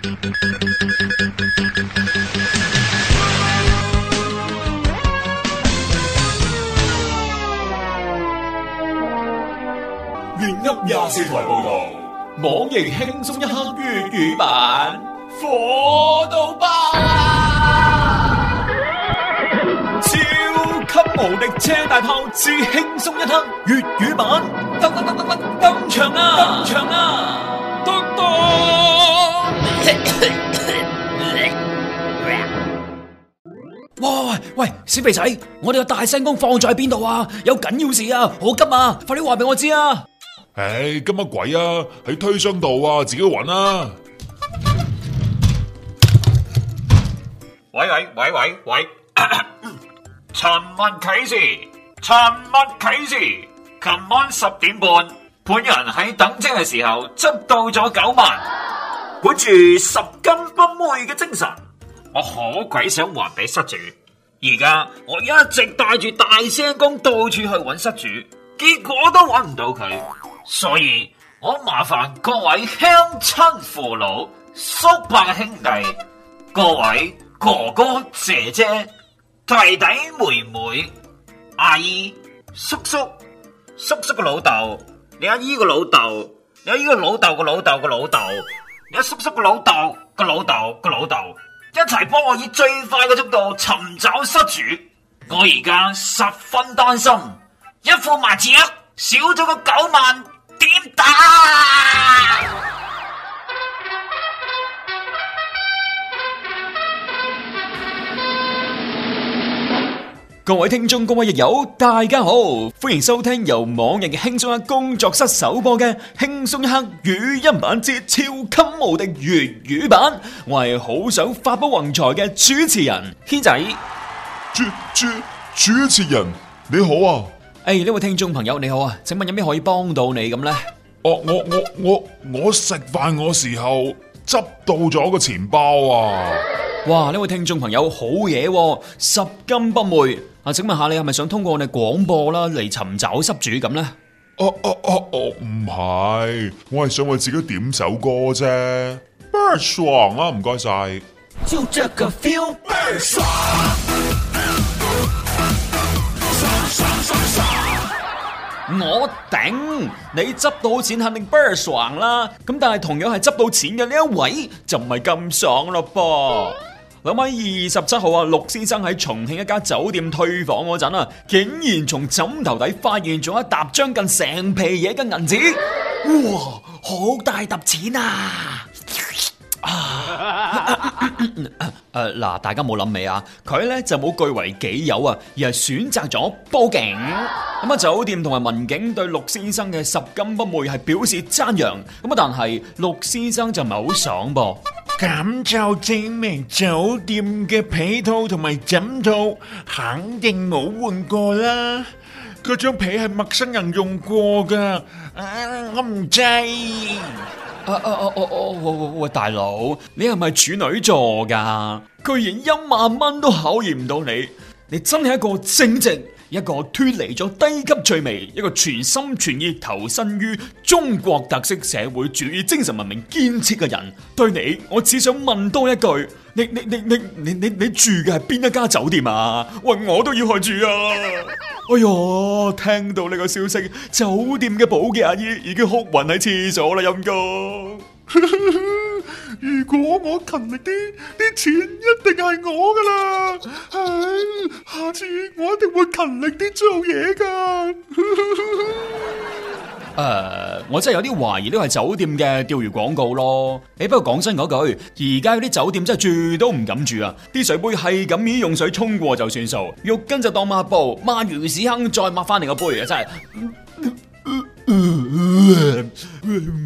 粵音廿四台報道，網易輕鬆一刻粵語版，火到爆啊！ 超級無敵車大炮之輕鬆一刻粵語版，登登登登登登場啦！登場啦！登登。登哇喂，喂，小肥仔，我哋個大聲公放咗喺邊度啊？有緊要事啊，好急啊！快啲話俾我知啊！唉、哎，急乜鬼啊？喺推箱度啊，自己搵啦、啊！喂喂喂喂喂，尋物啟事，尋物啟事。琴晚十點半，本人喺等車嘅時候執到咗九萬，本住拾金不昧嘅精神，我可鬼想還俾失主。而家我一直帶住大聲公到處去揾失主，結果都揾唔到佢，所以我麻煩各位鄉親父老、叔伯兄弟、各位哥哥姐姐、弟弟妹妹、阿姨、叔叔、叔叔嘅老豆，你阿姨嘅老豆，你阿姨嘅老豆嘅老豆嘅老豆，你阿叔叔嘅老豆嘅老豆嘅老豆。一齊幫我以最快嘅速度尋找失主，我而家十分擔心。一副麻雀啊，少咗個九萬點打？各位聽眾、各位易友，大家好，歡迎收聽由網易嘅輕鬆一刻工作室首播嘅輕鬆一刻語音版節超級無敵粵語，語版。我係好想發筆橫財嘅主持人軒仔，主主主持人你好啊！誒、哎，呢位聽眾朋友你好啊，請問有咩可以幫到你咁呢？哦，我我我我食飯嗰時候執到咗個錢包啊！哇，呢位聽眾朋友好嘢，拾金不昧。請問下你係咪想通過我哋廣播啦嚟尋找失主咁咧？哦哦哦哦，唔係，我係想為自己點首歌啫。倍兒爽啦，唔該晒。就這個 feel 倍兒爽。爽爽爽爽！我頂，你執到錢肯定倍兒爽啦。咁但係同樣係執到錢嘅呢一位就唔係咁爽咯噃。九月二十七號啊，陸先生喺重慶一家酒店退房嗰陣啊，竟然從枕頭底發現咗一沓將近成皮嘢嘅銀紙，哇，好大沓錢啊！誒、啊，嗱、啊啊呃，大家冇諗未啊？佢咧就冇據為己有啊，而係選擇咗報警。咁啊，酒店同埋民警對陸先生嘅拾金不昧係表示讚揚。咁啊，但係陸先生就唔係好爽噃。咁就證明酒店嘅被套同埋枕套肯定冇換過啦。嗰張被係陌生人用過噶，啊，我唔制，啊。啊啊啊啊啊！喂，大佬，你係咪處女座噶？居然一萬蚊都考驗唔到你，你真係一個正直，一個脫離咗低級趣味，一個全心全意投身於中國特色社會主義精神文明建設嘅人，對你，你我只想問多一句，你你你你你你你住嘅係邊一家酒店啊？喂，我都要去住啊！哎喲，聽到呢個消息，酒店嘅保潔阿姨已經哭暈喺廁所啦，陰公。 如果我勤力啲，啲錢一定係我噶啦，哎！下次我一定會勤力啲做嘢噶。誒 ，uh, 我真係有啲懷疑呢個係酒店嘅釣魚廣告咯。誒、哎，不過講真嗰句，而家嗰啲酒店真係住都唔敢住啊！啲水杯係咁依用水沖過就算數，浴巾就當抹布，抹完屎坑再抹翻嚟個杯啊！真係，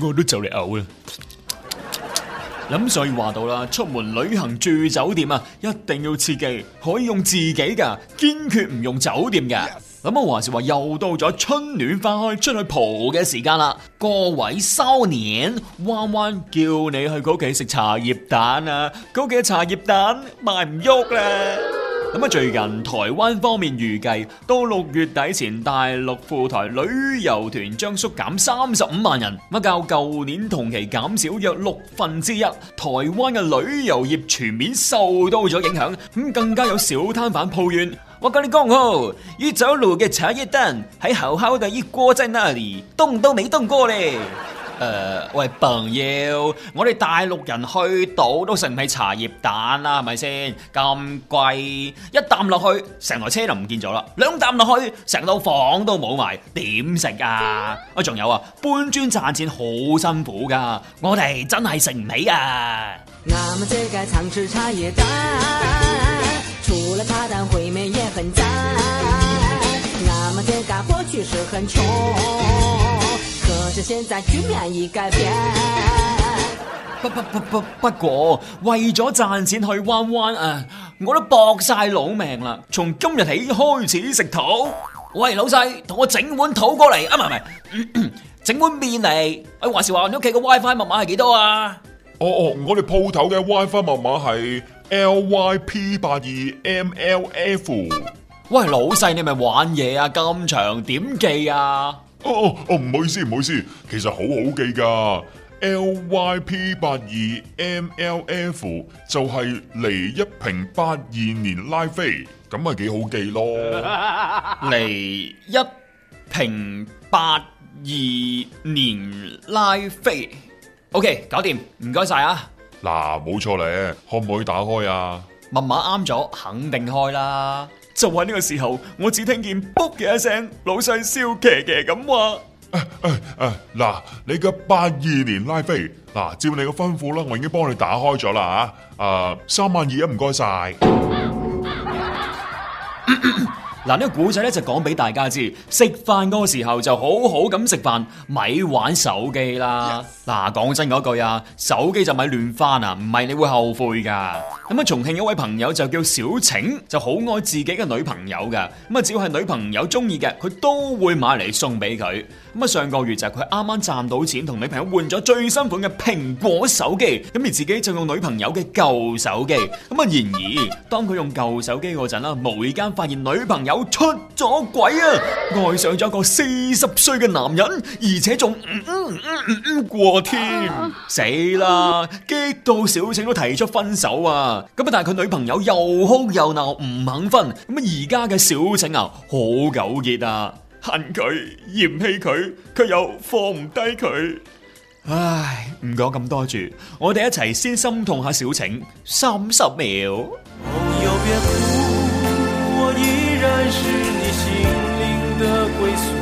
我都就嚟嘔啦～咁所以話到啦，出門旅行住酒店啊，一定要切記，可以用自己噶，堅決唔用酒店嘅。咁啊，話時話又到咗春暖花開出去蒲嘅時間啦，各位收年，彎彎叫你去佢屋企食茶葉蛋啊，佢屋企嘅茶葉蛋賣唔喐啦。咁啊！最近台灣方面預計到六月底前，大陸赴台旅遊團將縮減三十五萬人，乜較舊年同期減少約六分之一。台灣嘅旅遊業全面受到咗影響，咁更加有小攤販抱怨：我跟你講嗬，一走路嘅茶葉蛋，喺好好的一鍋在那裡，動都沒動過咧。誒、呃，喂朋友，我哋大陸人去到都食唔起茶葉蛋啦，係咪先？咁貴，一啖落去成台車就唔見咗啦，兩啖落去成套房都冇埋，點食啊？我仲有啊，搬磚賺錢好辛苦噶，我哋真係食唔起啊！現在，好便宜㗎不不不不，不過為咗賺錢去彎彎啊！我都搏晒老命啦，從今日起開始食土。喂，老細，同我整碗土過嚟啊！唔係唔係，整碗麵嚟。我、哎、話時話，你屋企個 WiFi 密碼係幾多啊？哦哦，我哋鋪頭嘅 WiFi 密碼係 L Y P 八二 M L F。喂，老細，你係咪玩嘢啊？咁長點記啊？哦哦哦，唔好意思，唔好意思，其實好好記噶，L Y P 八二 M L F 就係嚟，一瓶八二年拉菲，咁咪幾好記咯。嚟 一瓶八二年拉菲，OK，搞掂，唔該晒啊。嗱，冇錯嚟，可唔可以打開啊？密碼啱咗，肯定開啦。就喺呢個時候，我只聽見卜嘅一聲，老細笑騎騎咁話：誒誒誒，嗱，你嘅八二年拉菲，嗱，照你嘅吩咐啦，我已經幫你打開咗啦吓，誒，三萬二啊，唔該晒。嗱，呢個古仔咧就講俾大家知，食飯嗰個時候就好好咁食飯，咪玩手機啦。嗱，講真嗰句啊，手機就咪亂翻啊，唔係你會後悔噶。咁啊！重慶有位朋友就叫小晴，就好愛自己嘅女朋友噶。咁啊，只要係女朋友中意嘅，佢都會買嚟送俾佢。咁啊，上個月就係佢啱啱賺到錢，同女朋友換咗最新款嘅蘋果手機，咁而自己就用女朋友嘅舊手機。咁啊，然而當佢用舊手機嗰陣啦，無意間發現女朋友出咗軌啊，愛上咗個四十歲嘅男人，而且仲唔唔唔唔過添，死啦、啊！激到小晴都提出分手啊！咁啊！但係佢女朋友又哭又鬧，唔肯分。咁啊！而家嘅小晴啊，好糾結啊，恨佢，嫌棄佢，卻又放唔低佢。唉，唔講咁多住，我哋一齊先心痛下小晴三十秒。朋友別哭，我依然是你心靈的歸宿。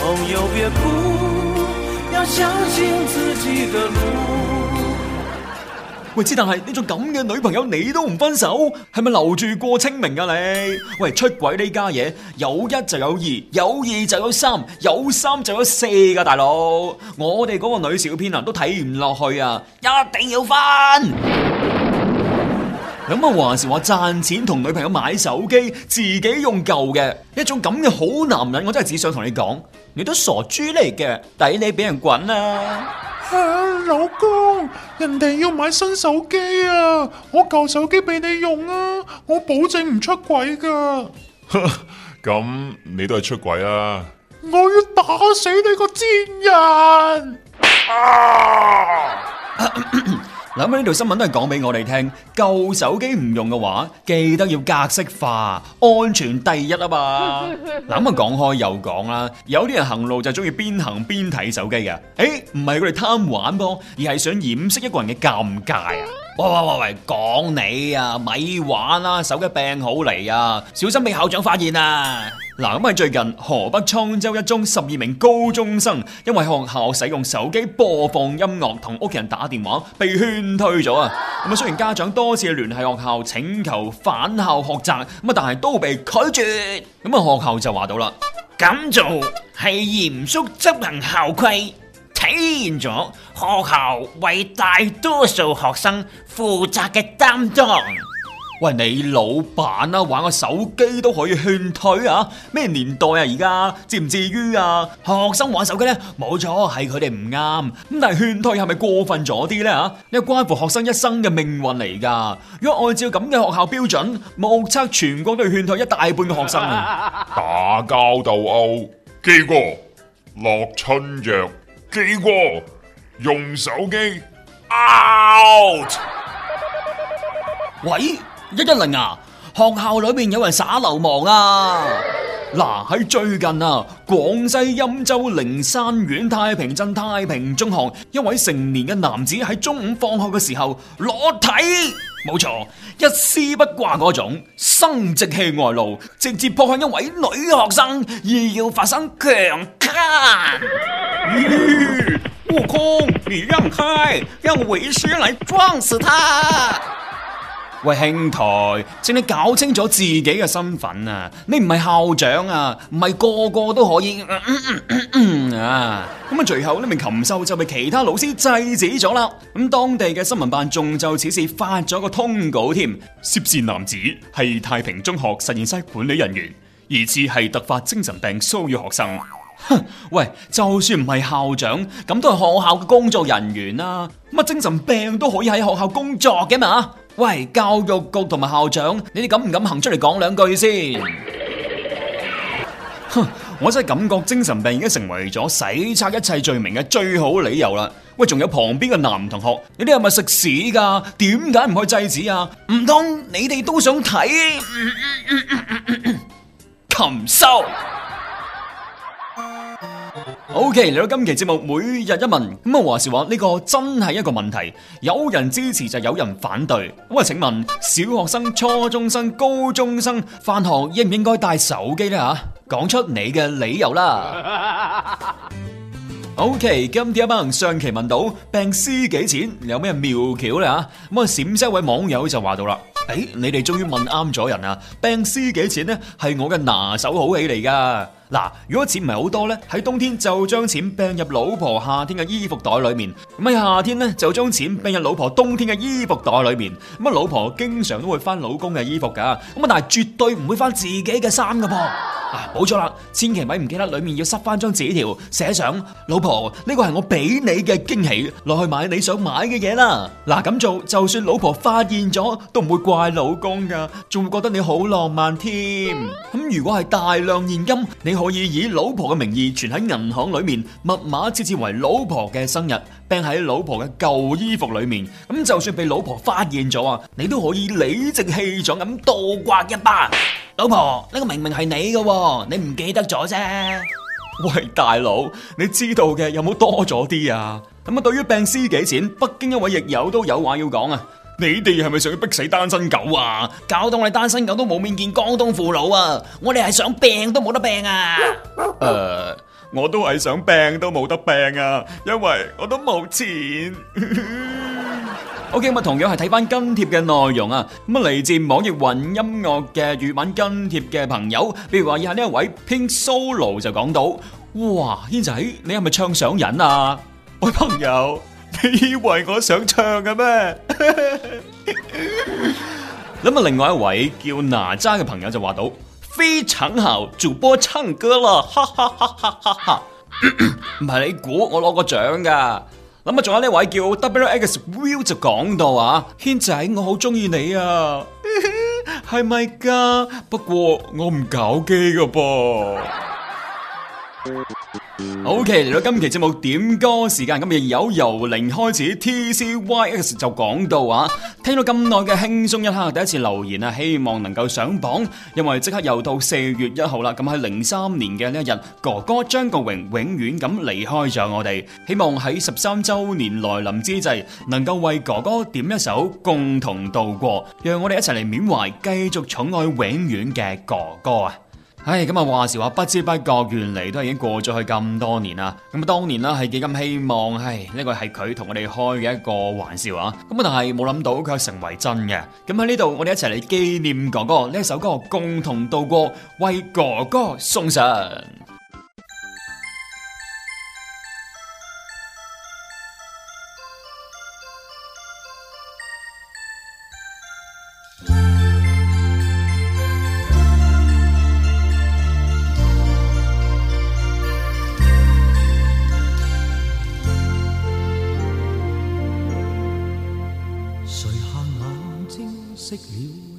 朋友別哭，要相信自己的路。喂，知但係呢種咁嘅女朋友，你都唔分手，係咪留住過清明啊你？你喂出軌呢家嘢，有一就有二，有二就有三，有三就有四噶、啊，大佬，我哋嗰個女小編啊都睇唔落去啊，一定要分。咁啊、嗯，話時、嗯、話賺錢同女朋友買手機，自己用舊嘅，一種咁嘅好男人，我真係只想同你講，你都傻豬嚟嘅，抵你俾人滾啦、啊！啊，老公，人哋要買新手機啊，我舊手機俾你用啊，我保證唔出軌噶。咁你都係出軌啦，啊！我要打死你個賤人！啊啊咳咳諗起呢條新聞都係講俾我哋聽，舊手機唔用嘅話，記得要格式化，安全第一啊嘛。諗下講開又講啦，有啲人行路就中意邊行邊睇手機嘅，誒、欸，唔係佢哋貪玩噃，而係想掩飾一個人嘅尷尬啊。喂喂喂喂，講你啊，咪玩啦、啊，手機病好嚟啊，小心俾校長發現啊！嗱、嗯，咁啊最近河北滄州一中十二名高中生因為喺學校使用手機播放音樂同屋企人打電話，被勸退咗啊！咁、嗯、啊雖然家長多次聯繫學校請求返校學習，咁啊但係都被拒絕，咁、嗯、啊學校就話到啦，咁做係嚴肅執行校規。體現咗學校為大多數學生負責嘅擔當。喂，你老闆啊，玩個手機都可以勸退啊？咩年代啊？而家至唔至於啊？學生玩手機呢，冇錯係佢哋唔啱。咁但係勸退係咪過分咗啲咧？吓，呢個關乎學生一生嘅命運嚟㗎。如果按照咁嘅學校標準，目測全國都要勸退一大半嘅學生。啊。 打交鬥毆，基哥落春藥。記過，用手機 out。喂，一一零啊，學校裏面有人耍流氓啊！嗱、 啊，喺最近啊，廣西欽州靈山縣太平鎮太,太平中學一位成年嘅男子喺中午放學嘅時候裸體，冇錯。一絲不掛嗰種，生殖器外露，直接撲向一位女學生，而要發生強姦、 呃、悟空，你讓開，讓為師來撞死他。喂，兄台，請你搞清楚自己嘅身份啊！你唔係校長啊，唔係個個都可以、嗯嗯嗯嗯、啊。咁啊，隨後呢名禽獸就被其他老師制止咗啦。咁當地嘅新聞辦仲就此事發咗個通稿添。涉事男子係太平中學實驗室管理人員，疑似係突發精神病騷擾學生。哼！喂，就算唔係校長，咁都係學校嘅工作人員啊。乜精神病都可以喺學校工作嘅嘛？喂，教育局同埋校長，你哋敢唔敢行出嚟講兩句先？哼， 我真係感覺精神病已經成為咗洗刷一切罪名嘅最好理由啦。喂，仲有旁邊嘅男同學，你哋係咪食屎噶？點解唔去制止啊？唔通你哋都想睇禽獸？ O K，嚟到今期節目每日一問，咁、嗯、啊話是話話時話呢，這個真係一個問題，有人支持就有人反對，咁、嗯、啊請問小學生、初中生、高中生返學應唔應該帶手機咧？吓，講出你嘅理由啦。 o、okay, K，今天一班人上期問到病師幾錢，有咩妙橋咧？吓、嗯，咁啊，陝西一位網友就話到啦，誒、哎，你哋終於問啱咗人啊！病師幾錢咧？係我嘅拿手好戲嚟噶。嗱，如果錢唔係好多咧，喺冬天就將錢掟入老婆夏天嘅衣服袋裏面；咁喺夏天咧，就將錢掟入老婆冬天嘅衣服袋裏面。咁啊，老婆經常都會翻老公嘅衣服噶，咁啊，但係絕對唔會翻自己嘅衫噶噃。啊，冇錯啦，千祈咪唔記得裏面要塞翻張紙條，寫上老婆呢個係我俾你嘅驚喜，落去買你想買嘅嘢啦。嗱，咁做就算老婆發現咗，都唔會怪老公噶，仲會覺得你好浪漫添。咁如果係大量現金，你？可以以老婆嘅名義存喺銀行裏面，密碼設置為老婆嘅生日，並喺老婆嘅舊衣服裏面。咁就算被老婆發現咗啊，你都可以理直氣壯咁倒刮一巴。老婆，呢個明明係你嘅，你唔記得咗啫。喂，大佬，你知道嘅有冇多咗啲啊？咁啊，對於病私幾錢，北京一位亦友都有話要講啊。你哋係咪想要逼死單身狗啊？搞到我哋單身狗都冇面見江東父老啊！我哋係想病都冇得病啊！誒， uh, 我都係想病都冇得病啊，因為我都冇錢。OK 咁啊，同樣係睇翻跟帖嘅內容啊。咁啊，嚟自網易雲音樂嘅粵文跟帖嘅朋友，譬如話以下呢一位 Pink Solo 就講到：，哇，軒仔，你係咪唱上癮啊？喂，朋友。你以為我想唱嘅咩？咁啊，另外一位叫哪吒嘅朋友就話到：，非常姣主播唱歌啦，哈哈哈哈哈哈！唔係你估，我攞個獎噶。咁啊，仲有呢位叫 W X Will 就講到啊，軒仔我好中意你啊，係咪噶？不過我唔搞基噶噃。O K，嚟到今期節目點歌時間，今日有由零開始，T C Y X 就講到啊，聽到咁耐嘅輕鬆一刻，第一次留言啊，希望能夠上榜，因為即刻又到四月一號啦，咁喺零三年嘅呢一日，哥哥張國榮永遠咁離開咗我哋，希望喺十三周年來臨之際，能夠為哥哥點一首共同渡過，讓我哋一齊嚟緬懷，繼續寵愛永遠嘅哥哥啊！唉，咁啊話時話，不知不覺，原來都已經過咗去咁多年啦。咁當年啦，係幾咁希望，唉，呢個係佢同我哋開嘅一個玩笑啊。咁啊，但係冇諗到佢係成為真嘅。咁喺呢度，我哋一齊嚟紀念哥哥呢一首歌，共同度過，為哥哥送神。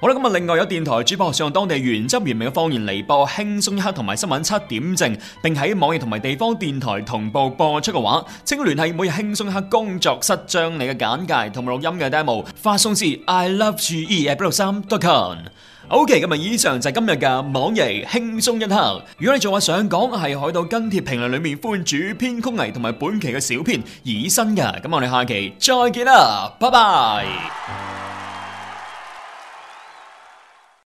好啦，咁啊，另外有電台主播想用當地原汁原味嘅方言嚟播輕鬆一刻同埋新聞七點正，並喺網易同埋地方電台同步播出嘅話，請聯繫每日輕鬆一刻工作室，將你嘅簡介同埋錄音嘅 demo 發送至 i love geapple 三 dot com。OK，咁啊，以上就係今日嘅網易輕鬆一刻。如果你仲話想講，係海度跟帖評論裏面，歡迎主編曲藝同埋本期嘅小編以身嘅，咁我哋下期再見啦，拜拜。